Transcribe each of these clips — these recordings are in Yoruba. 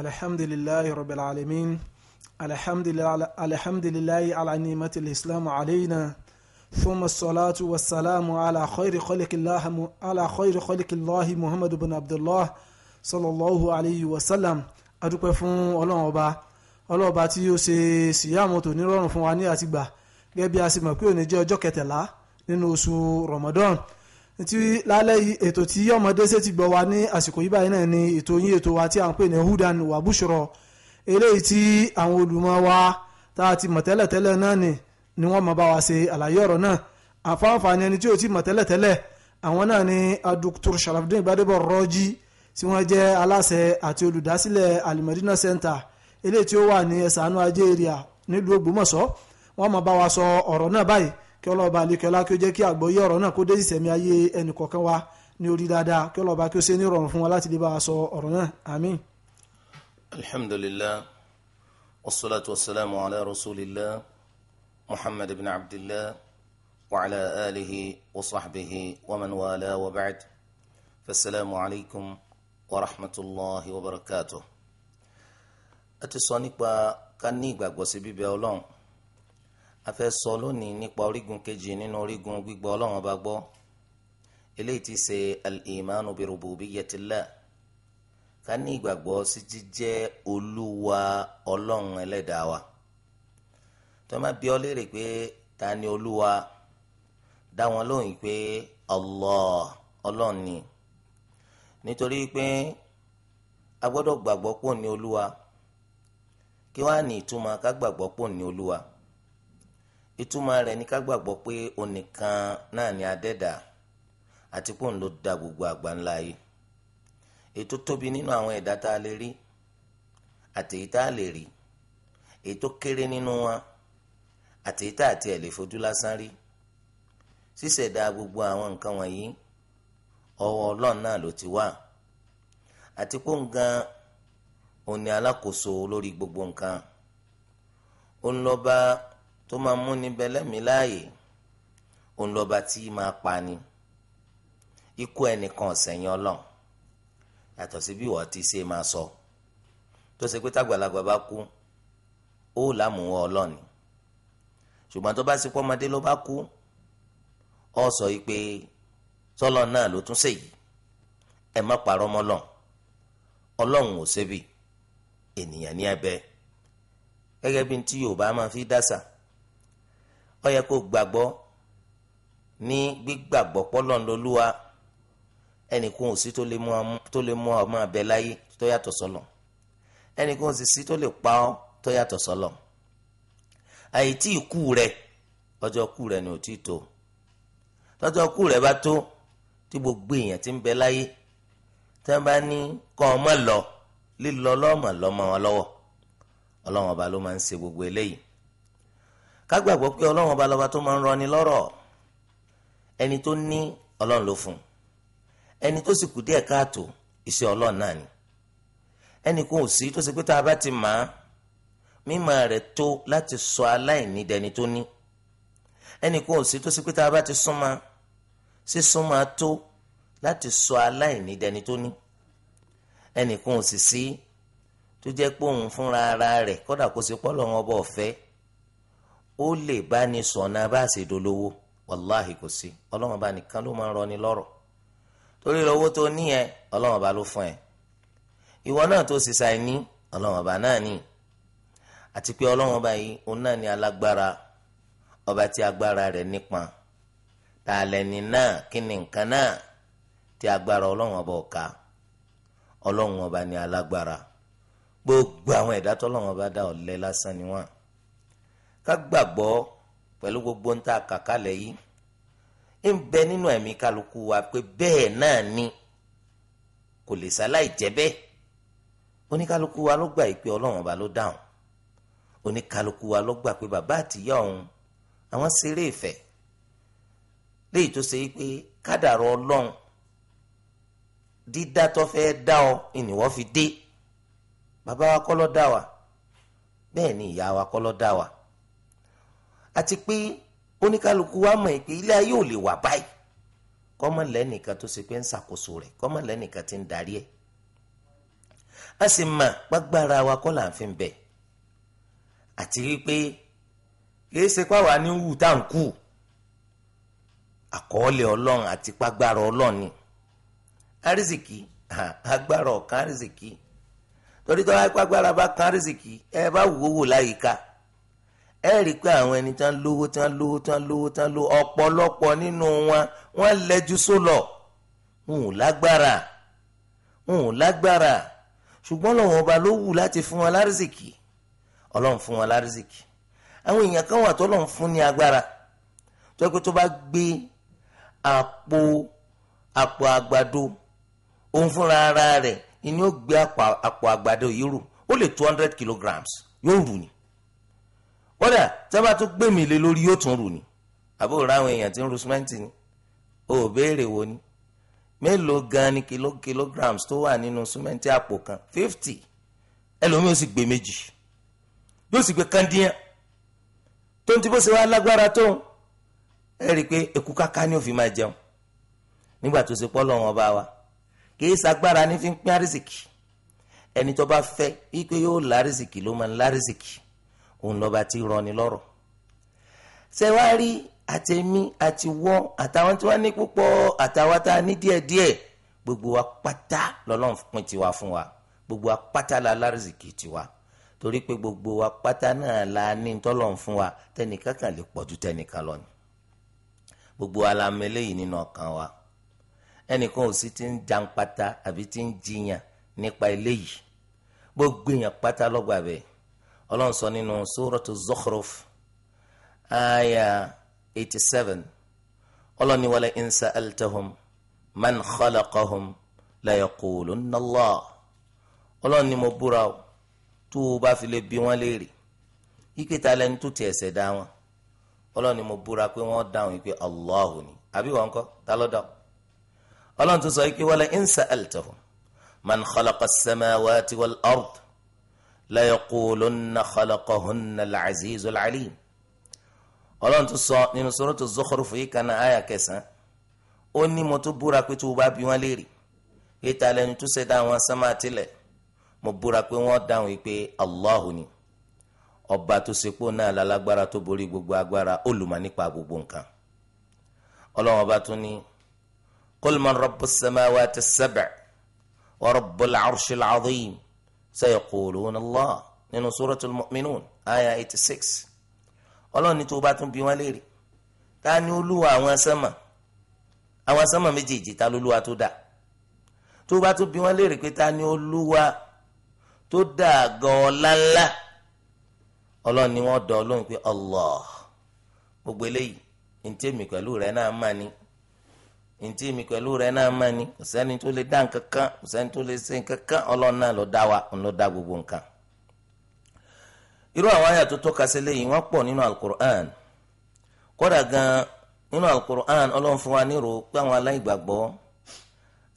الحمد لله رب العالمين الحمد لله الحمد لله على نعمة الإسلام علينا ثم الصلاة والسلام على خير خلق الله م... على خير خلق الله محمد بن عبد الله صلى الله عليه وسلم adúpẹ́ fún ọlọ́run ọba ọlọ́run ọba tí ó ṣe síyàmù tó nírọ̀rùn fún wa ní àtìgbà gẹ́gẹ́ bí a sì mọ̀ pé òní jẹ́ ọjọ́ kẹtàlá nínú oṣù Ramadan tí lálẹ́ yìí ètò tí ọmọdé ṣe ti gbọ́ wa ní àsìkò yìí báyìí náà ni ètò yín ètò wa tí à ń pè ní hudan wabushro eléyìí tí àwọn olùmọ̀ wa tá a ti mọ̀ tẹ́lẹ̀tẹ́lẹ̀ náà ni ni wọ́n máa bá wa ṣe àlàyé ọ̀rọ̀ náà àfáàfààní ẹni tí ò ti mọ̀ tẹ́lẹ̀tẹ́lẹ̀ àwọn náà ni Dr. Sharafdin Gbadebo Rọ́jí tí wọ́n jẹ́ aláṣẹ àti olùdásílẹ̀ Alimadina Center eléyìí tí ó wà ní ẹ̀sánú ajé èrìà nílùú Ògbómọ̀ṣọ́ wọ́n máa bá wa sọ ọ̀rọ̀ náà báyìí kí ọlọ́ọ̀ba àlekẹ́lá kí ó jẹ́ kí àgbọ́yé ọ̀rọ̀ náà kó dé ìsẹ̀mí ayé ẹnìkọ̀ọ̀kan wa ní orí dáadáa kí ọlọ́ọ̀ba kí ó ṣe ní ìrọ̀rùn fún wa láti lè bá a sọ ọ̀rọ̀ náà àmín. alhamdulilah wasalaatu wasalaamu ala rasulillah muhammad ibn abdillah wa ala alihi wa sahbihi wa man wala wa ba'd fasalaamu alaykum wa rahmatulahi wa barakatuh. a ti sọ nípa ká ní ìgbàgbọ́ sí ọlọ́run a fẹ́ sọ lónìí nípa orígun kejì nínú orígun gbígbọ́ ọlọ́run ọba gbọ́ eléyìí ti ṣe al-imanu bi rububiyyatillah ká ní ìgbàgbọ́ sí jíjẹ́ olúwa ọlọ́run ẹlẹ́dàá wa tó má bi ọ́ léèrè pé ta ni olúwa dá wọn lóhùn pé Allah ọlọ́run ni nítorí pé a gbọ́dọ̀ gbàgbọ́ pò ní olúwa kí wàá ní ìtumọ̀ ká gbàgbọ́ pò ní olúwa ìtumọ̀ rẹ̀ ní ká gbàgbọ́ pé onìkan náà ni adẹ́dà àti pé òun ló dá gbogbo àgbáńlá yìí èyí tó tóbi nínú àwọn ẹ̀dá tá a lè rí àti èyí tá a lè rí èyí tó kéré nínú wọn àti èyí tá a tiẹ̀ lè fojú lásán rí ṣíṣẹ̀dá gbogbo àwọn nǹkan wọ̀nyí ọwọ́ ọlọ́run náà ló ti wá àti pé gan òun alákòóso lórí gbogbo nǹkan òun lọ́ba tó máa múni bẹlẹ́mìí láàyè òun lọ́ba tí máa pa ni ikú ẹnìkan ọ̀sẹ̀yìn ọlọ́run yàtọ̀ sí bí wọ́n ti ṣe máa sọ tó ṣe pé tágbàlagbà bá kú ó làmúwọ́ ọlọ́ni ṣùgbọ́n tó bá ṣe pọ́mọdé ló bá kú ọ sọ yìí pé sọ́lọ́ náà ló tún ṣèyí ẹ má parọ́ mọ́lọ́ ọlọ́run ò ṣe bí ènìyàn ní ẹ̀bẹ̀ gẹ́gẹ́ bí tí yorùbá máa fi dásà ó yẹ kó gbàgbọ́ ní gbígbàgbọ́ pọ́lọ́n lolúwa ẹnìkan ò sí tó lè mú ọ máa bẹ láyé tó yàtọ̀ sọ́lọ̀ ẹnìkan ò sì sí tó lè pa ọ tó yàtọ̀ sọ́lọ̀ àìtí ikú rẹ ọjọ́ kú rẹ ni ò tí ì tó tọ́jọ́ kú rẹ bá tó tí gbogbo èèyàn ti ń bẹ láyé tí wọ́n bá ní kọ́ ọ lọ lílọ lọ́mọ̀ lọ́mọ wọn lọ́wọ́ ọlọ́wọ́n ọba ló máa ń ṣe gbogbo eléyìí ká gbàgbọ́ pé ọlọ́run ọba lọ́ba tó máa ń rọni lọ́rọ̀ ẹni tó ní ọlọ́run ló fún ẹni tó sì kù díẹ̀ káàtó iṣẹ́ ọlọ́run náà ni ẹni kò sí tó ṣe pé tá a bá ti mà á mímọ̀ rẹ̀ tó láti sọ aláìní dẹni tó ní ẹni kò sí tó ṣe pé tá a bá ti súnmọ́ sísúnmọ́ tó láti sọ aláìní dẹni tó ní ẹnìkan ò sì sí tó jẹ́ pé òun fúnra ara rẹ̀ kódà kó ṣe pọ́lọ́ wọn bọ̀ fẹ́ ó lè bá ní sọ̀nà bá a ṣe dolówó wàláhì kò sí ọlọ́run bá nìkan ló máa ń rọni lọ́rọ̀ torí lọ́wọ́ tó ní ẹ ọlọ́run bá ló fún ẹ ìwọ náà tó sì ṣàì ní ọlọ́run bá náà ní àti pé ọlọ́run bá yìí òun náà ní alágbára ọba tí agbára rẹ̀ nípọn ta lẹni náà kí ni nǹkan náà tí agbára ọlọ́run ọba ọ̀ka ọlọ́run ọba ní alágbára gbogbo àwọn ẹ̀dá tọ́lọ́run ọba dá ọ̀lẹ lásán ni wọ́n ká gbàgbọ́ pẹ̀lú gbogbo ń ta kàkálẹ̀ yìí ń bẹ nínú ẹ̀mí kálukú wa pé bẹ́ẹ̀ náà ni kò lè ṣaláì jẹ́ bẹ́ẹ̀ oníkálukú wa ló gbà pé ọlọ́run ọba ló dáhùn oníkálukú wa ló gbà pé bàbá àtìyá òun àwọn ṣeré ìfẹ́ léyìí tó ṣe pé kádàrọ̀ ọlọ́run dídá tó fẹ́ dá ọ ìnìwọ́ fi dé bàbá wa kọ́ ló dá wa bẹ́ẹ̀ ni ìyá wa kọ́ ló dá wa àti pé oníkálukú wa mọ̀ pé ilé ayé ò lè wà báyìí kọ́mọ̀ lẹ́nìkan tó ṣe pé ń ṣàkóso rẹ̀ kọ́mọ̀ lẹ́nìkan ti ń darí ẹ̀ a sì mà gbàgbára wa kọ́ là ń fi bẹ̀ àti wípé kìí ṣe pàwá ní wù tá à ń kù àkọọ́lẹ̀ ọlọ́run àti pàgbára ọlọ́run ni àrísìkì agbára ọ̀kan àrísìkì torí tó bá kan àrísìkì ẹ bá wò ó wò láyìíká ẹ rí i pé àwọn ẹni tán lówó tán lówó tán lówó tán lówó ọ̀pọ̀lọpọ̀ nínú wọn wọ́n lẹ́jú sólọ̀ wọn ò lágbára wọn ò lágbára ṣùgbọ́n lọ́wọ́n ọba ló wù láti fún wọn lárísìkì ọlọ́run fún wọn lárísìkì àwọn èèyàn kan wà tó lọ́run fún ní agbára tó pé tó bá gbé àpò àpò àgbàdo òun fúnra ara rẹ̀ ni ó gbé àpò àgbàdo yìí rù ó lè two hundred kilograms yóò rù ni kódà tẹ́bà tó gbé mi lé lórí yóò tún rù ni àbó ráwọn èèyàn tí ń ru símẹ́ǹtì ni ò béèrè wo ni mélòó gan ni kìló kilograms tó wà nínú símẹ́ǹtì àpò kan fifty ẹlòmíì ó sì gbé méjì yóò sì gbé kandíyàn tó ń tí bó ṣe wá lágbára tó ẹ rí i pé èkú káká ni ó fi máa jẹun nígbà tó ṣe pọ́lọ́ wọn bá wa kì í ní fi ń pín àrísìkì ẹni tó bá fẹ́ wípé yóò lárísìkì ló máa ń lárísìkì òun lọ́ba tí rọni lọ́rọ̀ ṣe wá rí àtẹ̀mí àti wọ́ àtàwọn tí wọ́n ní púpọ̀ àtàwọn tá a ní díẹ̀díẹ̀ gbogbo wa pátá lọ́lọ́run pín tiwa fún wa gbogbo wa pátá la lárìsìkì tiwa torí pé gbogbo wa pátá náà la ní tọ́lọ́run fún wa tẹnìkan kan lè pọ̀jù tẹnìkan lọ ni gbogbo wa la mẹ́lẹ́ yìí nínú ọkàn wa ẹnìkan ò sí ti ń jan pátá àbí ti ń jiyàn nípa eléyìí gbogbo èèyàn pátá lọ́gbàá bẹ́ẹ̀ ọlọ́run sọ nínú suratu Zukhruf aya eighty seven ọlọ́run ní wala in sa'altahum man khalaqahum la yaqulunna Allah ọlọ́run ní mo búra o tó o bá fi lè bi wọ́n léèrè ike ta lẹni tó tiẹ̀ ṣẹ̀dá wọn ọlọ́run búra pé wọ́n dáhùn yìí Allahu ni àbí wọn kọ́ ta ló dáhùn ọlọ́run tó sọ yìí pé wala in man khalaqa as-samawati wal-ard layakulunna khalaqahunna al-azizu al-alim ọlọ́run tún sọ nínú suratu Zukhruf yìí kan náà àyà kẹsàn-án ó ní mo tún búra pé tó o bá bí wọ́n léèrè ìta lẹni tó ṣẹ̀dá àwọn sánmà tilẹ̀ mo búra pé wọ́n dáhùn yìí pé Allahu ni ọba tó sepó náà lálágbára tó borí gbogbo agbára olùmọ̀ nípa gbogbo nǹkan ọlọ́run ọba tún ní qul man rabbus samawati as-sab'i wa rabbul arshil azim sayaquluna Allah nínú suratul mu'minun aya eighty six ọlọ́run ní tó bá tún bí wọ́n léèrè ta ni olúwa àwọn sánmà àwọn sánmà méjèèjì ta lolúwa tó dá tó bá tún bí wọ́n léèrè pé ta ni olúwa tó dá gan ọ̀làlá ọlọ́run ni wọ́n dọ̀ ọ́ lóhùn pé Allah gbogbo eléyìí ní pẹ̀lú rẹ̀ náà máa ní ntí mi pẹ̀lú rẹ̀ náà máa ní kò sẹ́ni tó lè dá nǹkan kan kò sẹ́ni tó lè ṣe nkankan. kan ọlọ́run náà lọ dá wa dá gbogbo nǹkan. irú àwọn àyà tó tọ́ka sí léyìí wọ́n pọ̀ nínú alukur'an kódà gan-an nínú alukur'an ọlọ́run fún wa nírò pé àwọn aláìgbàgbọ́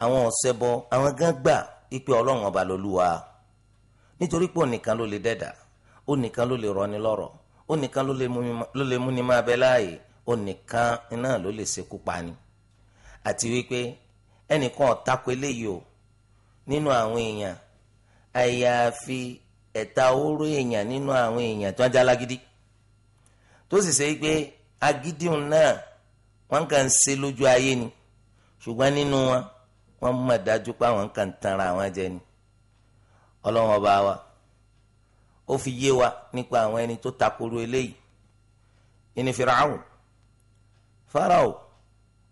àwọn àwọn gan gbà ipe ọlọ́run ọba àti wípé ẹnìkan ọ̀tako eléyìí o nínú àwọn èèyàn àyàfi ẹ̀ta oró èèyàn nínú àwọn èèyàn tó ń jẹ́ alágídí tó sì ṣe pé agídíhùn náà wọ́n kàn ń ṣe lójú ayé ni ṣùgbọ́n nínú wọn wọ́n mọ̀ dájú pé àwọn kàn ń tanra àwọn jẹ ni ọlọ́run ọba wa ó fi yé wa nípa àwọn ẹni tó takoro eléyìí ìní Fíráù Fáráò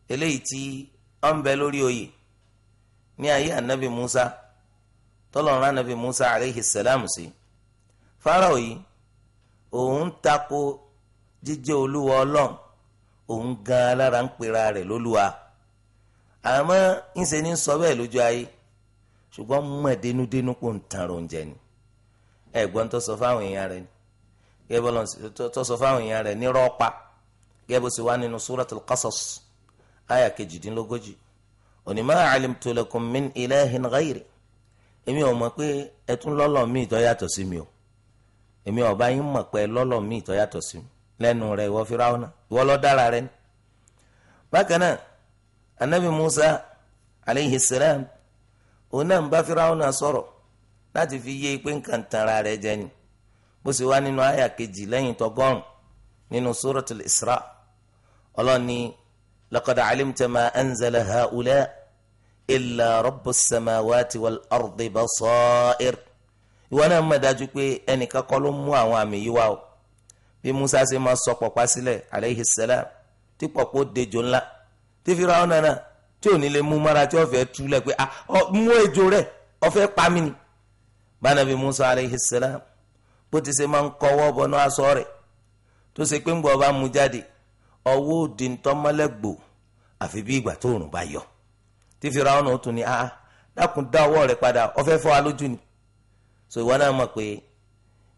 eléyìí tí ó ń bẹ lórí oyè ní ayé anabi musa tọ́lọ́run anabi musa aleyhi salam sí farao yìí òun tako jíjẹ́ olúwa ọlọ́run òun gan alára ń pera rẹ̀ lólúwa àmọ́ ńṣe ní sọ bẹ́ẹ̀ lójú ayé ṣùgbọ́n mọ̀ dénúdénú kò ń tan oúnjẹ ni ẹ̀gbọ́n tó sọ fáwọn èèyàn rẹ̀ ni gẹ́gẹ́ bọ́lá tó sọ fáwọn èèyàn rẹ̀ ní rọ́ọ̀pá gẹ́gẹ́ bó ṣe wá nínú suratul qasas. àyà kejìdínlógójì òní ma alimtu lakum min ilahin ghayri emi o mọ̀ pe ẹ tún lọ́lọ́ mi ìtọ́ yàtọ̀ si mi o èmi ọba yín mọ̀ pe lọ́lọ́ mi ìtọ́ yàtọ̀ sí mi lẹ́nu rẹ̀ ìwọ Fíráúnà ìwọ ló dára rẹ̀ ni. bákan náà anabi Musa aleyhi salam òun náà ba firauna Fíráúnà sọ̀rọ̀ láti fi yé pé nǹkan tanra rẹ̀ jẹ ni bó sì wá nínú àyà kejì lẹ́yìn tọgọ́rùn nínú suratul Isra ọlọ́ni. laqad alimta ma anzala haula illa rabbus samawati wal ardi basair ìwọ náà mọ̀ dájú pé ẹnìkan kọ́ ló mú àwọn àmì yìí wá o bí Musa ṣe máa sọ pọ̀pá sílẹ̀ aleyhi salam tí pọ̀pọ̀ dejo ńlá tí Fíráwọn náà náà tí ò ní lè mú mọ́ra tí ọ̀fẹ́ túlẹ̀ pé ah, mú ejò rẹ̀ ọ̀fẹ́ pa mí ni bánabi Musa aleyhi salam bó ti ṣe máa ń kọ́wọ́ bọ́nú aṣọ rẹ̀ tó ṣe pé ń bọ̀ bá mú jáde ọwọ́ òdi ntọ́mọ́lẹ́gbò àfi bí ìgbà tó òrùn bá yọ tí Fíráúnù tún ní ah dákun dá ọwọ́ rẹ padà ọfẹ́ fọ́ wa lójú ni so ìwọ náà mọ̀ pé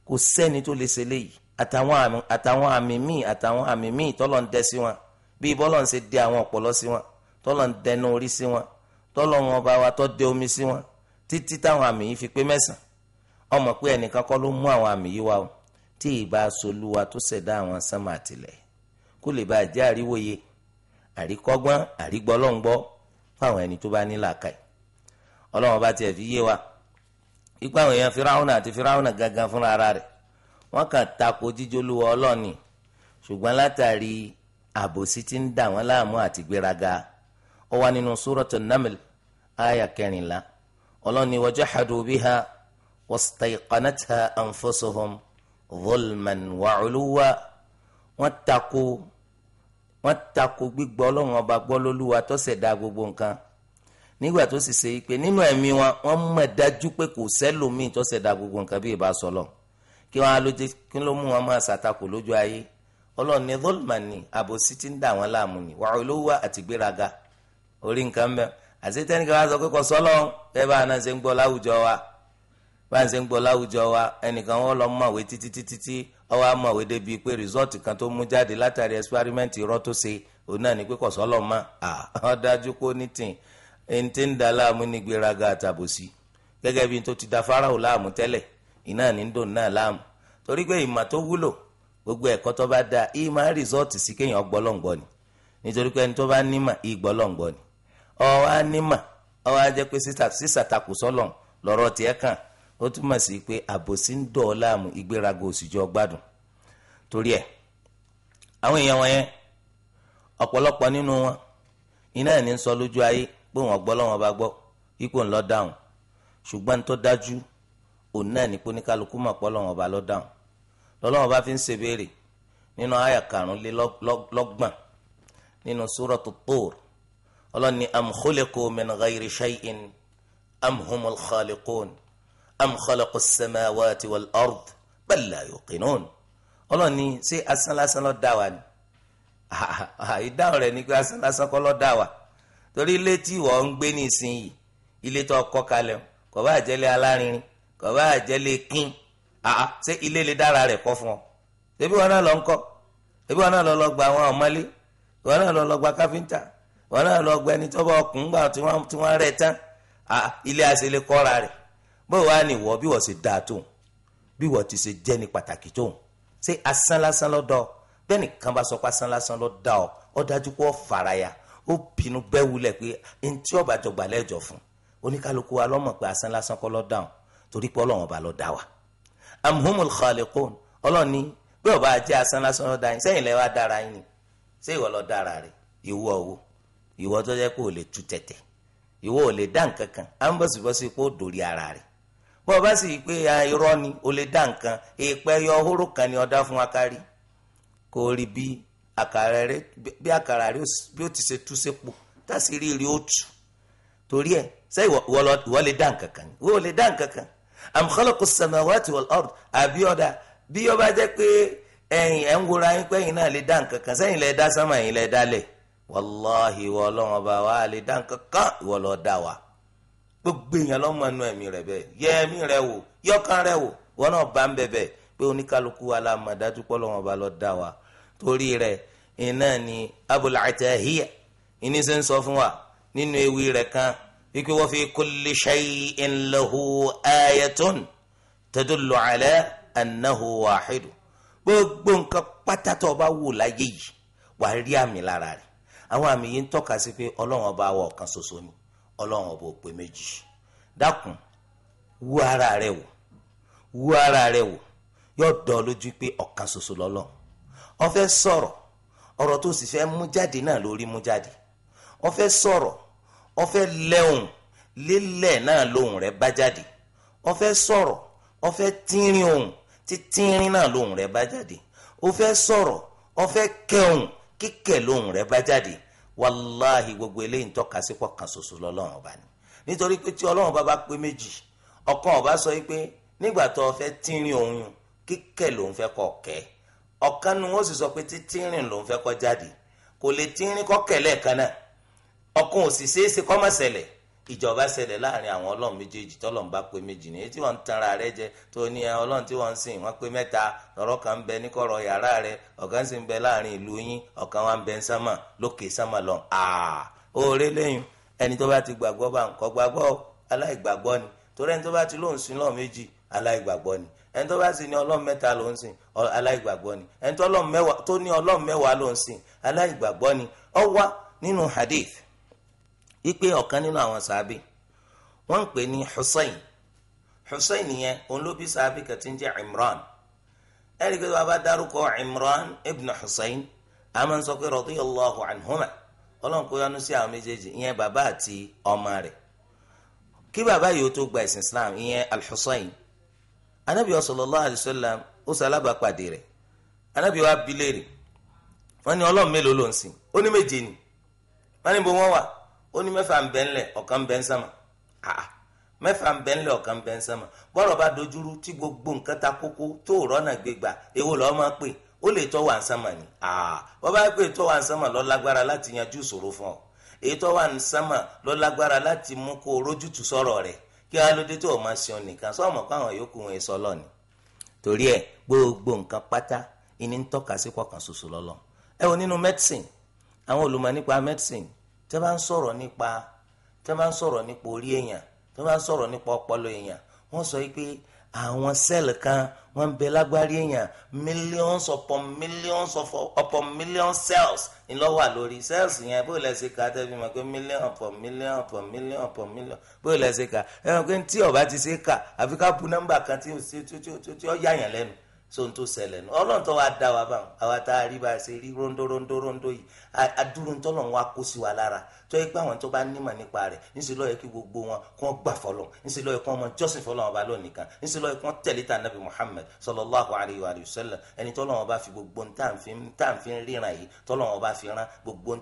kò sẹ́ni tó lè ṣe léyìí àtàwọn àmì míì àtàwọn àmì míì tọ́lọ̀ ń dẹ sí wọn bí bọ́lọ̀ ń ṣe dẹ àwọn ọ̀pọ̀lọ́ sí wọn tọ́lọ̀ ń dẹnu orí sí wọn tọ́lọ̀ wọn bá wa tọ́ dẹ omi sí wọn títí táwọn àmì yìí fi pé mẹ́sàn-án ọmọ pé ẹnìkan kọ́ ló mú àwọn àmì yìí wá o tí ìbá kó lè bá jẹ́ àríwòye àríkọ́gbọ́n àrígbọ́lọ́ngbọ́ fáwọn ẹni tó bá ní làákàyè ọlọ́run bá tiẹ̀ fi yé wa ipa àwọn èèyàn firawuna àti firawuna gangan fúnra ara rẹ̀ wọ́n kàn tako jíjolúwa ọlọ́ọ̀ni ṣùgbọ́n látàrí àbòsí ti ń dà wọ́n láàmú àti gbéraga ó wà nínú suratul naml aya kẹrìnlá ọlọ́ni wajahadu biha wastayqanatha anfusuhum Volman wa uluwa wọ́n tako gbígbọ́ ọlọ́run ọba gbọ́ lólúwa tó ṣẹ̀dá gbogbo nǹkan nígbà tó sì ṣe pé nínú ẹ̀mí wọn wọ́n mọ̀ dájú pé kò sẹ́lòmíì tó ṣẹ̀dá gbogbo nǹkan bí ìbá sọlọ kí wọ́n á lójú kí ló mú wọn máa ṣàtakò lójú ayé ọlọ́run ní zolmani àbòsí ti ń dà wọ́n láàmú ni wàá olówó àti gbéraga orí nǹkan bẹ́ẹ̀ àti tẹ́nìkan wá sọ pé kò sọ́lọ́ ẹ bá náà ṣe ń gbọ́ láwùjọ wa bá ń ṣe ń gbọ́ láwùjọ wa ẹnìkan wọn lọ mọ̀wé títí títí àwọn amọ̀wé débi pé rìsọ́ọ̀tì kan tó mú jáde látàrí ẹsipárímẹ́ǹtì irọ́ tó ṣe òun náà ní pé kọ̀sọ́ lọ́ mọ́ ọ dájú pé ó ní tìǹ ẹni tí ń da láàmú ní gbéraga àtàbòsí gẹ́gẹ́ bí tó ti da Fáráò láàmú tẹ́lẹ̀ iná ní ń dòun náà láàmú torí pé ìmọ̀ tó wúlò gbogbo ẹ̀kọ́ tó bá da í máa rìsọ́ọ̀tì sí kéèyàn gbọ́lọ́ngbọ́ ni nítorí pé ẹni tó bá nímọ̀ í gbọ́lọ́ngbọ́ ni ọ̀wá nímọ̀ ọ̀wá jẹ́ pé sísàtakùsọ́lọ̀ lọ́rọ̀ tiẹ̀ kàn ó túmọ̀ sí pé àbòsí ń dọ̀ ọ́ láàmú ìgbéraga òsìjọ́ gbádùn torí ẹ̀ àwọn èèyàn wọn yẹn ọ̀pọ̀lọpọ̀ nínú wọn iná ẹ̀ ní sọ lójú ayé pé wọ́n gbọ́ lọ́wọ́n bá gbọ́ ipò ńlọ dáhùn ṣùgbọ́n tó dájú òun náà ní póníkálukú mọ̀ pọ́ lọ́wọ́n bá lọ́ dáhùn lọ́lọ́wọ́n bá fi ń ṣèbéèrè nínú àyà karùnlélọ́gbọ̀n nínú súrọ̀tù tóor ọlọ́ni am khuliqu min am khalaqu as-samawati wal ard bal la yuqinun ọlọ́run ní ṣé asán lásán ló dá wa ni ìdáhùn rẹ̀ ni pé asán lásán kọ́ ló dá wa torí ilé tí ìwọ ń gbé nísìnyìí ilé tó kọ́ kalẹ̀ kò bá àjẹlé alárinrin kò bá àjẹlé kín ṣé ilé lè dára rẹ̀ kọ́ fún ọ ṣebí wọn náà lọ ń kọ́ ṣebí wọn náà lọ lọ gba àwọn ọmọlé wọn náà lọ lọ gba káfíńtà wọn náà lọ gba ẹni tó bá ọkùnrin gbà tí wọn rẹ̀ tán ilé àṣẹlẹ kọ́ra rẹ̀ bó wàá ní ìwọ bí wọ́n ṣe dáa tó bí wọ́n ti ṣe jẹ́ ní pàtàkì tó ṣe asán lásán lọ́dọ̀ bẹ́ẹ̀ nìkan bá sọ pé asán lásán lọ́ ọ ọ dájú pé ọ faraya ó pinnu bẹ́ẹ̀ wulẹ̀ pé ntí ọba jọgbà lẹ́jọ fún oníkálukú wa lọ́mọ̀ pé asán lásán kọ́ lọ́ ọ torí pé ọlọ́run ọba lọ́ wa amhumul khalikun, ọlọ́run ní bí ọba jẹ́ asán lásán lọ́ da yín sẹ́yìn lẹ́wà dára yín ni ṣé ìwọ lọ́ dára rẹ̀ ìwọ wo ìwọ tó jẹ́ pé ò lè tu tẹ̀tẹ̀ ìwọ ò lè dá nǹkan kan à pé ó dòrí ara rẹ̀ bó o bá sì yí pé irọ́ ni o lè dá nǹkan èèpẹ̀ yọ hóró kan ni ọ̀dá fún akari kò rí bí àkàrà rẹ bí àkàrà rẹ bí ó ti ṣe tú sépò tàṣí rí rí ó tù torí ẹ ṣé ìwọ lè dá nǹkan kan ìwọ lè dá nǹkan kan am khalaqa as-samawati wal-ard àbí ọ̀dà bí ó bá jẹ́ pé ẹ̀yin ẹ̀ ń wòra yín pé ẹ̀yin náà lè dá nǹkan kan sẹ́yìn lè dá sámà ẹ̀yin lè dá lẹ̀ wàláhì ìwọ ọlọ́run lè dá nǹkan kan ìwọ gbogbo èèyàn lọ́mọ inú ẹ̀mí rẹ̀ bẹ́ẹ̀ yẹ ẹ̀mí rẹ̀ wò yọkàn rẹ̀ wò wọn náà bá ń bẹ̀ bẹ́ẹ̀ pé oníkálukú aláàmọ̀ dájú pọ́lọ́wọ́n ba lọ dá wa torí rẹ̀ iná ni Abul Atahiya ìní sẹ́ ń sọ fún wa nínú ewì rẹ̀ kan wípé wa fi kulli shay'in lahu ayatun tadullu ala annahu wahidu gbogbo nǹkan pátá bá wù láyé yìí wàá rí àmì lára rẹ̀ àwọn àmì yìí ń tọ́ka sí pé ọlọ́run ọba wa ọ̀kan ṣoṣo ni ọlọ́run ọba ò pé méjì dákun wú ara rẹ wò wú ara rẹ wò yóò dọ ọ lójú pé ọ̀kan ṣoṣo lọ́lọ́ ọ fẹ́ sọ̀rọ̀ ọ̀rọ̀ tó sì fẹ́ mú jáde náà lórí mú jáde ọ fẹ́ sọ̀rọ̀ ọ fẹ́ lẹ́hùn lílẹ̀ náà lóhùn rẹ bá jáde ọ fẹ́ sọ̀rọ̀ ọ fẹ́ tínrín ohùn títínrín náà lóhùn rẹ bá jáde ó fẹ́ sọ̀rọ̀ ọ fẹ́ kẹhùn kíkẹ̀ lóhùn rẹ bá jáde wàláhì gbogbo eléyìí ń tọ́ka sí pọ̀ kan ṣoṣo lọ́lọ́run ọba ni nítorí pé tí ọlọ́run bá bá pé méjì ọkàn ọba sọ pé nígbà tó o fẹ́ tínrín òun kíkẹ́ lòun fẹ́ kọ́ kẹ́ ọ̀kan nu ó sì sọ pé títínrín lòun fẹ́ kọ́ jáde kò lè tínrín kọ́ kẹ́ lẹ́ẹ̀kan náà ọkàn ò sì ṣeé ṣe kọ́ mọ̀ ìjọba ṣẹlẹ̀ láàrin àwọn ọlọ́run méjèèjì tọ́lọ́run bá pé méjì ní etí wọ́n ń tanra rẹ jẹ tó ní ọlọ́run tí wọ́n ń sìn wọ́n pé mẹ́ta ọ̀rọ̀ kan ń bẹ ní kọ̀rọ̀ yàrá rẹ ọ̀kan sì ń bẹ láàrin ìlú yín ọ̀kan wà ń bẹ ń sámà lókè sámà lọ. oore lẹ́yìn ẹni tó bá ti gbàgbọ́ bá ń kọ́ gbàgbọ́ aláìgbàgbọ́ ni torí ẹni tó bá ti lóun sìn lọ́ọ̀ méjì aláìgbàgbọ́ ni ẹni tó bá sì ní ọlọ́run mẹ́ta ló ń sìn aláìgbàgbọ́ ni ẹni tó ní ọlọ́run mẹ́wàá ló ń sìn aláìgbàgbọ́ ni ó wà nínú hadith wípé ọ̀kan nínú àwọn sàábì wọ́n ń pè ní Hussein Hussein yẹn òun ló bí sàábì kan tí ń jẹ́ Imran ẹ̀rí pé bàbá dárúkọ Imran ibn Hussein a máa ń sọ pé radiyallahu anhuma ọlọ́run yánú sí àwọn méjèèjì ìyẹn bàbá àti ọmọ rẹ̀ kí bàbá yìí ó tó gba ìsìn Islam ìyẹn al anabi sallallahu alayhi ó sálábà pàdé rẹ̀ anabi wa bilére wọ́n ní ọlọ́run mélòó ló ń sìn ó ní méje ni wọ́n ní bó wọ́n wà ó ní mẹ́fà ń bẹ ńlẹ̀ ọ̀kan ń bẹ ń sánmà àà mẹ́fà ń bẹ ńlẹ̀ ọ̀kan ń bẹ ń sánmà bọ́rọ̀ bá dojúrú tí gbogbo nǹkan ta kókó tó rọ́nà gbégbà èwo lọ́ọ́ máa pè ó lè tọ́ wà ń sánmà ni àà bọ́bá pé tọ́ wà ń sánmà lọ lágbára láti yanjú ìṣòro fún ọ èyí tọ́ wà ń sánmà lọ lágbára láti mú kó o rójútùú sọ̀rọ̀ rẹ̀ kí wàá lóde tó o máa ṣe ọ nìkan káwọn yòókù wọn sọ lọ ni torí ẹ gbogbo nǹkan pátá ìní ń tọ́ka sí pọ̀kan ṣoṣo lọ́lọ́ ẹ wo nínú medicine àwọn olùmọ̀ nípa medicine tẹ́ bá ń sọ̀rọ̀ nípa tẹ́ bá ń sọ̀rọ̀ nípa orí èèyàn tẹ́ bá ń sọ̀rọ̀ nípa ọpọlọ èèyàn wọ́n sọ pé àwọn sẹ́ẹ̀lì kan wọ́n ń bẹ lágbárí èèyàn millions upon millions of, upon million cells ni ló wà lórí cells yẹn bóyá lẹ́sẹ̀ ká tẹ́ fi mọ̀ pé million upon million upon million upon million bóyá lẹ́sẹ̀ ká ẹ̀ pé tí ó ti ṣe kà àfi ká bu nọ́mbà kan tí ó yà yàn lẹ́nu sóhun tó ṣẹlẹ̀ nù ọlọ́run tó wàá dá wa bá wọn àwa tá a rí bá a ṣe rí rondo rondo rondo yìí adúrú ń tọ́lọ̀ wa kó sí wa lára tó yẹ pé àwọn tó bá nímọ̀ nípa rẹ̀ níṣẹ́ lọ́yẹ kí gbogbo wọn kí wọ́n gbà fọlọ́ níṣẹ́ lọ́yẹ kí wọ́n mọ jọ́sìn fọlọ́ wọn bá lọ nìkan níṣẹ́ lọ́yẹ kí wọ́n tẹ̀lé ta nabi Muhammad sallallahu alayhi wa sallam ẹni tọ́lọ̀ wọn wọn bá fi gbogbo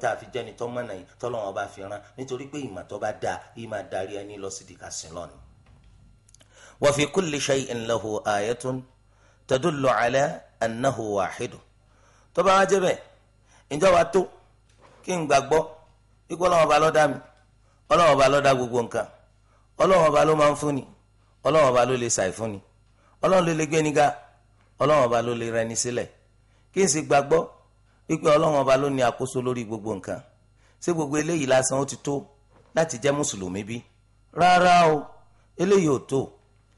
táàfin jẹ́ni tọ́mọ̀nà tadullu ala annahu wahidu tó bá wá jẹ́ bẹ́ẹ̀ ǹjọ́ wa tó kí n gbàgbọ́ ikú ọlọ́wọ́n ba ló dá mi ọlọ́wọ́n ba ló dá gbogbo nǹkan ọlọ́wọ́n ba ló máa ń fúnni ọlọ́wọ́n ba ló lè ṣàì fúnni ọlọ́wọ́n ló lè gbéni ga ọlọ́wọ́n ba ló lè rẹni sílẹ̀ kí n sì gbàgbọ́ wípé ọlọ́wọ́n ba ló ní àkóso lórí gbogbo nǹkan ṣé gbogbo eléyìí lásán ó ti tó láti jẹ́ mùsùlùmí bí rárá o eléyìí ò tó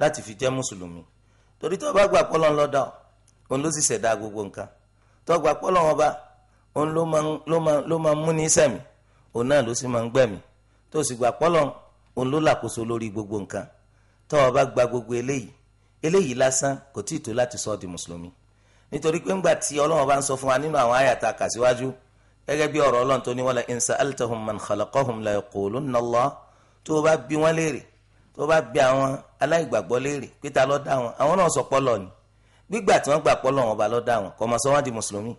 láti fi jẹ́ mùsùlùmí torí tó bá gbà pọ́lọ́ lọ́dà òun ló sì ṣẹ̀dá gbogbo nǹkan tó gbà pọ́lọ́ wọn bá òun ló máa mú ní sẹ̀mí òun náà ló sì máa ń gbẹ̀mí tó sì gbà pọ́lọ́ òun ló làkóso lórí gbogbo nǹkan tó bá gba gbogbo eléyìí eléyìí lásán kò tí ì tó láti sọ ọ́ di mùsùlùmí nítorí pé ńgbà tí ọlọ́run bá ń sọ fún wa nínú àwọn àyàtà kàṣíwájú gẹ́gẹ́ bí ọ̀rọ̀ ọlọ́run tó ní wala in sa'altahum man khalaqahum la yaqulunna Allah tó o bá bí wọ́n léèrè tó bá gbé àwọn aláìgbàgbọ́ léèrè pé ta ló dá wọn àwọn náà sọ pọ́lọ̀ ni gbígbà tí wọ́n gbà pọ́lọ̀ wọn bá ló dá wọn kò mọ̀ sọ wọ́n di mùsùlùmí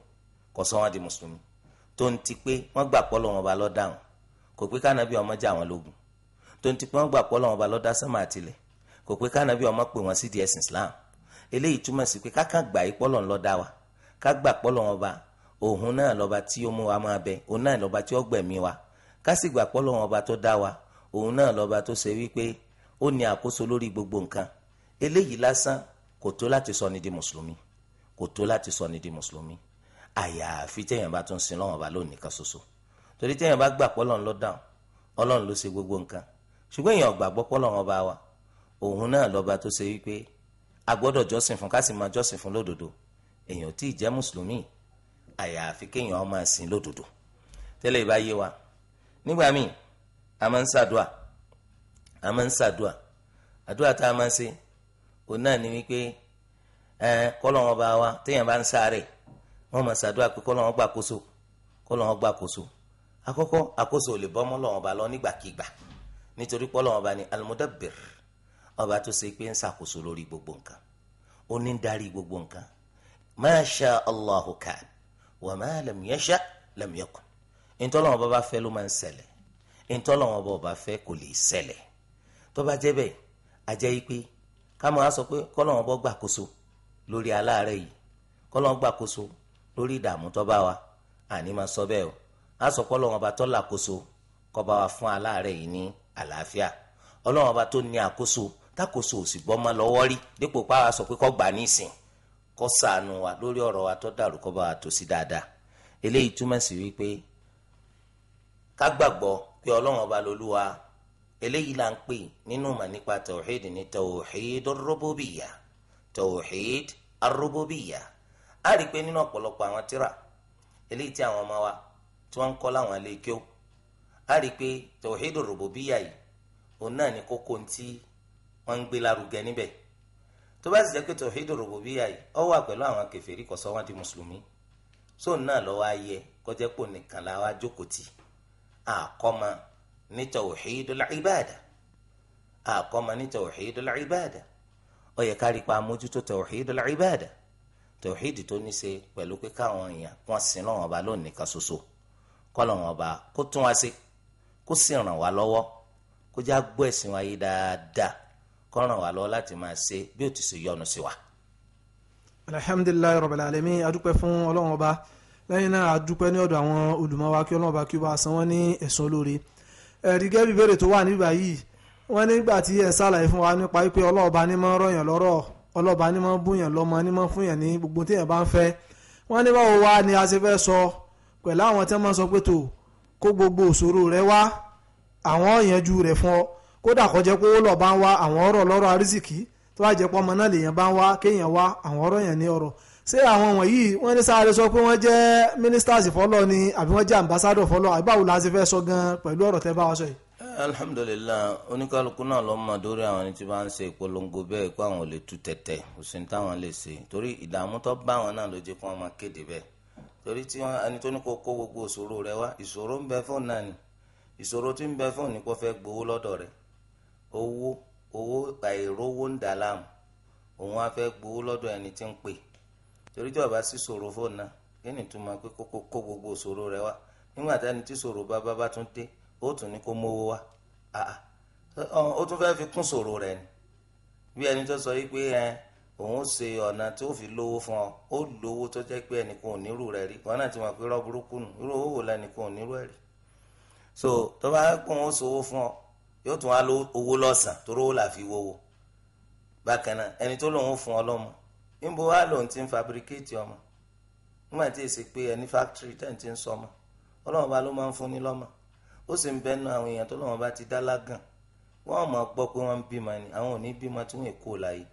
kò sọ wọ́n di mùsùlùmí tó ń ti pé wọ́n gbà pọ́lọ̀ wọn bá ló dá wọn kò pé kánábì ọmọ jà wọn lógun tó ń ti pé wọ́n gbà pọ́lọ̀ wọn bá ló dá sánmà àtìlẹ̀ kò pé kánábì ọmọ pè wọ́n sí di ẹ̀sìn Islam eléyìí túmọ̀ sí pé kákan gbà yí pọ́lọ̀ ńlọ dá wa ká gbà pọ́lọ̀ wọn bá òun náà lọ́ba tí ó mú wa máa bẹ òun náà lọ́ba tí ó gbẹ̀mí wa ká sì gbà pọ́lọ̀ wọn bá tó dá wa òun náà lọ́ba tó ṣe wípé ó ní àkóso lórí gbogbo nǹkan eléyìí lásán kò tó láti sọ ni di mùsùlùmí kò tó láti sọ ni di mùsùlùmí àyàfi téèyàn bá tún sin lọ́wọ́n bá lónìí kan ṣoṣo torí téèyàn bá gbà pé Ọlọ́run ló dáhùn Ọlọ́run ló ṣe gbogbo nǹkan ṣùgbọ́n èèyàn gbàgbọ́ pé Ọlọ́run ọba wa òun náà lọ́ba tó ṣe wípé a gbọ́dọ̀ jọ́sìn fún ká sì máa jọ́sìn fún lódodo èèyàn tí ì jẹ́ mùsùlùmí àyàfi kéèyàn máa sin lódodo tẹ́lẹ̀ ìbá yé wa nígbà míì a máa ń ṣàdúà a máa ń ṣàdúà àdúà tá a máa ń ṣe òun náà ni wípé ẹ kọ́lọ́wọ́n bá wa téèyàn bá ń sáré wọ́n máa ṣàdúà pé kọ́lọ́wọ́n gbà kóso kọ́lọ́wọ́n gbà kóso àkọ́kọ́ àkóso ò lè bọ́ mọ́lọ́wọ́n bá lọ nígbàkigbà nítorí pọ́lọ́wọ́n bá ní almudabbir ọba tó ṣe pé ń ṣàkóso lórí gbogbo nǹkan ó ní ń darí gbogbo nǹkan ma sha Allahu kan wa ma lam yasha ìtọ́lọ́wọ́n bá fẹ́ ló máa ń ṣẹlẹ̀ ìtọ́lọ́wọ́n bá fẹ́ kò lè ṣẹlẹ̀ tó bá jẹ́ bẹ́ẹ̀ àjẹ́ yìí pé ká máa sọ pé kọ́lọ́wọ́n bọ́ gbàkóso lórí aláàárẹ̀ yìí kọ́lọ́wọ́n gbàkóso lórí ìdààmú tó bá wa àní máa sọ bẹ́ẹ̀ o á sọ kọ́lọ́wọ́n bá tọ́lá kóso kó bá wa fún aláàárẹ̀ yìí ní àlàáfíà ọlọ́wọ́n bá tó ní àkóso tákòso ò sì gbọ́mọ lọ́wọ́ rí dípò páwa sọ pé kó gbà nísìn kó ṣàánú wa lórí ọ̀rọ̀ wa tó dàrú kó wa tó sí dáadáa eléyìí túmọ̀ sí wípé ká gbàgbọ́ pé ọlọ́wọ́n bá lolúwa eléyìí la ń pè nínú n'ipa nípa tawhid ní tawhid tawhid a rí i pé nínú ọ̀pọ̀lọpọ̀ àwọn tíra eléyìí tí àwọn ọmọ wa tí wọ́n ń kọ́ láwọn ilé a rí i pé tawhid yìí òun náà ni kókó tí wọ́n ń gbé lárugẹ níbẹ̀ tó bá sì jẹ́ pé tawhid yìí wà pẹ̀lú àwọn kọjá pò nìkan ti àkọ́mọ́ ní tawhidul ibada àkọ́mọ ní tawhidul ibada ó yẹ kárí pa mójútó tawhidul ibada tawhidi tó ní ṣe pẹ̀lú pé káwọn èèyàn wọn sin lọ́wọ́n ọba lónìí kan ṣoṣo kọ́lọ́wọ́n ọba kó tún wá sí kó sì ràn wá lọ́wọ́ kó já gbọ́ ẹ̀sìn wa yìí dáadáa kó ràn wá lọ́wọ́ láti máa ṣe bí ó ti ṣe yọ́nú sí wa. alhamdulilayi rabbil alamin adúpẹ́ fún ọlọ́wọ́n ọba lẹ́yìn náà adúpẹ́ ní ọ̀dọ̀ àwọn olùmọ̀ kí ọlọ́wọ́n ọba kí ó bá san wọ́n ní ẹ̀san olóore ẹ̀rí gẹ́bí béèrè tó wà níbà yìí wọ́n nígbà tí ẹ̀ ṣàlàyé fún wa nípa pé ọlọ́ọ̀bá ní mọ́ rọ̀yàn lọ́rọ̀ ọlọ́ọ̀bá ní mọ́ búyàn lọ́mọ ní mọ́ fúnyàn ní gbogbo téèyàn bá ń fẹ́ wọ́n ní báwo wá ni a ṣe fẹ́ sọ pẹ̀lú àwọn tí wọ́n sọ pé tó kó gbogbo òṣòro rẹ wá àwọn yanjú rẹ̀ fún ọ kódà kó jẹ́ pé ó lọ́ọ̀ bá ń wá àwọn ọ̀rọ̀ lọ́rọ̀ arísìkí tó bá jẹ́ pé ọmọ náà lèèyàn bá ń wá kéèyàn wá àwọn ọ̀rọ̀ yẹn ní ọ̀rọ̀ ṣé àwọn wọ̀nyí wọ́n ní sáré sọ pé wọ́n jẹ́ ministers fọlọ́ ni àbí wọ́n jẹ́ ambassador fọlọ́ àbí báwo la ṣe fẹ́ sọ gan pẹ̀lú ọ̀rọ̀ tẹ́ bá wa sọ yìí. alhamdulilayi oníkálukú náà ló mọ dórí àwọn ẹni tí bá ń ṣe ìpolongo bẹ́ẹ̀ pé àwọn ò lè tú tẹ̀tẹ̀ kò sí ní táwọn lè ṣe torí ìdààmú tó bá wọn náà ló jẹ́ kó wọn máa kéde bẹ́ẹ̀ torí tí wọn ẹni tó ní kó kó gbogbo ìṣòro rẹ wá ìṣòro ń bẹ fún náà ni ìṣòro tí ń bẹ fún ni kò fẹ́ gbowó lọ́dọ̀ rẹ owó owó àìrówó ń dà láàmú òun á fẹ́ gbowó lọ́dọ̀ ẹni tí ń pè é torí tí ọba sì sọ̀rọ̀ fóònù náà kí ni túmọ̀ pé kó gbogbo sọ̀rọ̀ rẹ wá nígbà táni tí sọ̀rọ̀ bá bá bá tún dé ó tún ní kó mówó wá ó tún fẹ́ fi kún sọ̀rọ̀ rẹ ni bí ẹni tó sọ wípé ẹ òun ṣe ọ̀nà tí ó fi lówó fún ọ ó lówó tó jẹ́ pé ẹnìkan ò nírú rẹ rí wọn náà ti mọ̀ pé rọ́bùrúkú nù irú owó wò lẹ́nìkan ò nírú ẹ̀ rí so tó bá pọ̀ òun ṣòwò fún ọ yóò tún wá owó lọ́sàn-án tó rówó làfi wọ́wọ́ bákan náà ẹni tó lòun fún ọ lọ́mọ níbo wá lòun ti ń fabricate ọmọ nígbà tí èsì pé ẹni factory tẹ̀ ń ti ń sọmọ ọlọ́run bá ló máa ń fúnni lọ́mọ ó sì ń bẹ́nu àwọn èèyàn tó lọ́wọ́n bá ti dá lágàn wọ́n mọ̀ gbọ́ pé wọ́n ń bímọ ni àwọn ò ní bímọ tí wọ́n láyé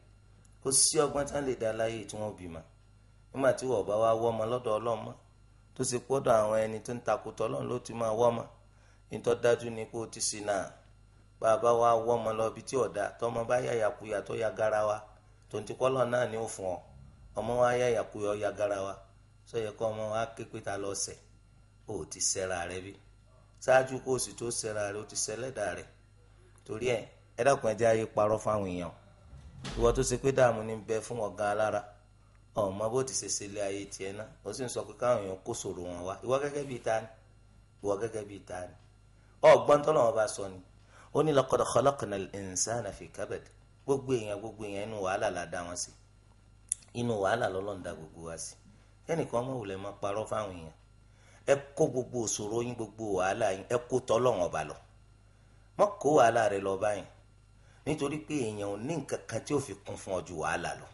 wá lọ́dọ̀ ọlọ́mọ tó ẹni tó ń takùtọ̀ ló ti máa wọ́ ìtọ́ dájú ni o ti sin náà wa wọ́ ọmọ lọ tí ọ̀dà tọmọ bá ya garawa tontikọ́lọ́ náà ni ó fún ọ ọmọ wa yá yàkuyọ ya gara wa sọ yẹ kó ọmọ wa ké pé ta lọ sẹ̀ ó ti sẹ́ra rẹ bí ṣáájú kó o sì tó sẹ́ra rẹ ó ti sẹ́lẹ̀dà rẹ torí ẹ ẹ dákun ẹjẹ ayé parọ́ fáwọn èèyàn ìwọ tó ṣe pé dààmú ní bẹ fún ọ̀gá alára ọmọ bó ti ṣe lé ayé tiẹ̀ náà ó sì ń sọ pé káwọn èèyàn kó sòrò wọn wá ìwọ gẹ́gẹ́ bíi ta ni ìwọ gẹ́gẹ́ bíi ta ni ọgbọ́n tọ́lọ́wọ́n bá sọ ni ó ní laqad khalaqnal insana fi gbogbo èèyàn gbogbo èèyàn inú wàhálà la dá wọn sí inú wàhálà lọ́lọ́run dá gbogbo wa sí ẹnìkan ọmọ òwúlẹ̀ máa parọ́ fáwọn èèyàn ẹ kó gbogbo òṣòro yín gbogbo wàhálà yín ẹ kó tọ́lọ́run ọba lọ mọ́ kó wàhálà rẹ lọ báyìí nítorí pé èèyàn ò ní nǹkan kan tí ó fi kún fún ọ ju wàhálà lọ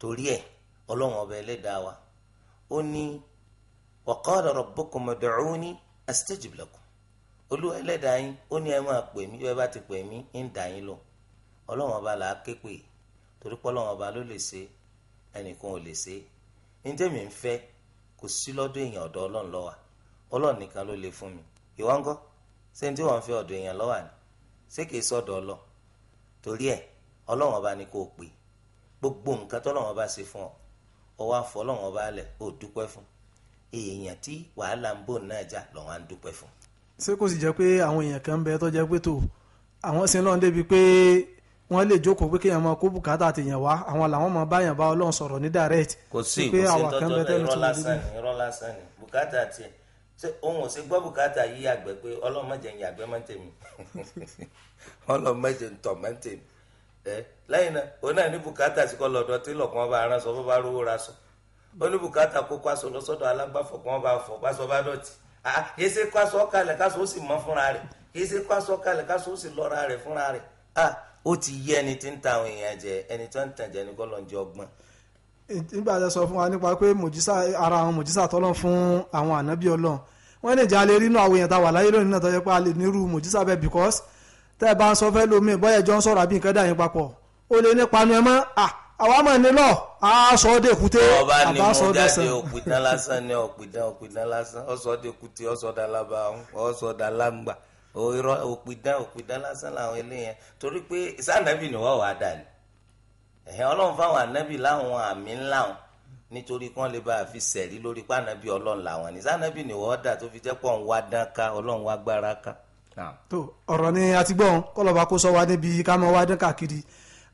torí ẹ ọlọ́run ọba ẹlẹ́dàá wa ó ní wa qala rabbukum ud'uni astajib lakum olúwa ẹlẹ́dàá yín ó ní ẹ máa pè mí ẹ bá ti pè mí ń dà yín lọ ọlọ́run ọba là á ké pè torí pé ọlọ́run ọba ló lè ṣe ẹnìkan ò lè ṣe ní tèmi ń fẹ́ kò sí lọ́dọ̀ èèyàn ọ̀dọ̀ ọlọ́run lọ́wà ọlọ́run nìkan ló lè fún mi ìwọ ńkọ́ ṣé ní tí wọ́n fẹ́ ọ̀dọ̀ èèyàn lọ́wà ni ṣé kìí sọ̀dọ̀ ọlọ́ torí ẹ̀ ọlọ́run ọba ni kò pè gbogbo nǹkan tọ́lọ́run ọba ṣe fún ọ ọwọ́ àfọ ọlọ́run ọba náà débi pé wọ́n lè jókòó pé kéèyàn máa kó bùkátà ti yàn wá àwọn làwọn máa báyàn bá ọlọ́run sọ̀rọ̀ ní direct. kò sí kò sí tọ́jọ́ náà irọ́ lásán ni irọ́ lásán ni bùkátà tiẹ̀ ṣé òun ò sí gbọ́ bùkátà yí àgbẹ̀ pé ọlọ́run má jẹ́ ń yàgbẹ́ má tèmi ọlọ́run má jẹ́ ń tọ̀ má tèmi ẹ lẹ́yìn náà òun náà ní bùkátà sí kọ́ lọ́dọ̀ tí lọ́kàn bá aránsọ bó bá rówó ra sọ ó ní bùkátà kó kwaso lọ́sọ̀dọ̀ alágbàfọ̀ kó wọ́n bá fọ̀ kwaso bá dọ̀tí ah, kìí ṣe kwaso kalẹ̀ kaso ó sì mọ́ fúnra rẹ̀ kìí ṣe kwaso kalẹ̀ kaso ó sì lọ́ra rẹ̀ fúnra rẹ̀ ah, ó ti yé ẹni tí ń ta àwọn èèyàn jẹ ẹni tó ń tàn jẹ ní kọlọ ń jẹ ọgbọ́n. nígbà tí a sọ fún wa nípa pé mòjísà ara àwọn mòjísà tọ́lọ̀ fún àwọn ànábì ọlọ́run wọ́n lè jẹ́ alẹ́ rí àwọn èèyàn tá a wà láyé lónìí náà tó yẹ pé a lè nírú mòjísà bẹ́ẹ̀ because tẹ́ ẹ bá ń sọ fẹ́ lómi bọ́yẹ̀ jọ ń sọ̀rọ̀ àbí nǹkan dà yín papọ̀ ó lè ní panu ẹ mọ́ à àwa mọ̀ ní lọ a sọ ọ́ de kute àbá sọ ọ́ dẹ̀sán. ọba ni mo jáde òpìdán lásán ni òpìdán òpìdán lásán ọ̀sọ́ de kute òrọ òpìdá òpìdá lásán làwọn eléyẹn torí pé sànàbì ni wọ́n wà á dà ní ẹ̀hẹ́ ọlọ́run fáwọn ànábì láwọn àmì ńlá wọn nítorí kí wọ́n lè bá a fi sẹ̀rí lórí pé ànábì làwọn ní sànàbì ni wọ́n dà tó fi jẹ́ pọ̀ ń wá dán ká ọlọ́run wá gbára ká. tó ọ̀rọ̀ ni a ti gbọ́n kọ́lọ́ba kó sọ wá níbi ká máa wá dán káàkiri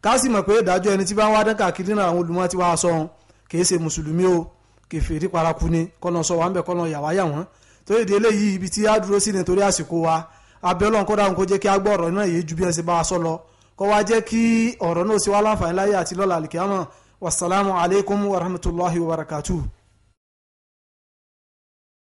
ká sì mọ̀ pé ìdájọ́ ẹni tí bá ń wá dán káàkiri náà àwọn olùmọ̀ ti wá sọ wọn kì í ṣe mùsùlùmí o kèfèrí paraku ni kọ́nà sọ wá ń bẹ̀ kọ́nà yàwá yà torí ìdí eléyìí ibi tí á dúró sí ni torí àsìkò wa abẹ́ọ́lọ́n kó dáhùn kó jẹ́ kí a gbọ́ ọ̀rọ̀ náà yìí ju bí ẹ ṣe bá a sọ lọ kó wá jẹ́ kí ọ̀rọ̀ náà ṣe wá láǹfààní láyé àti lọ́la àlìkíyàmọ̀ wasalaamu alaykum wa rahmatulahi wa barakatuh.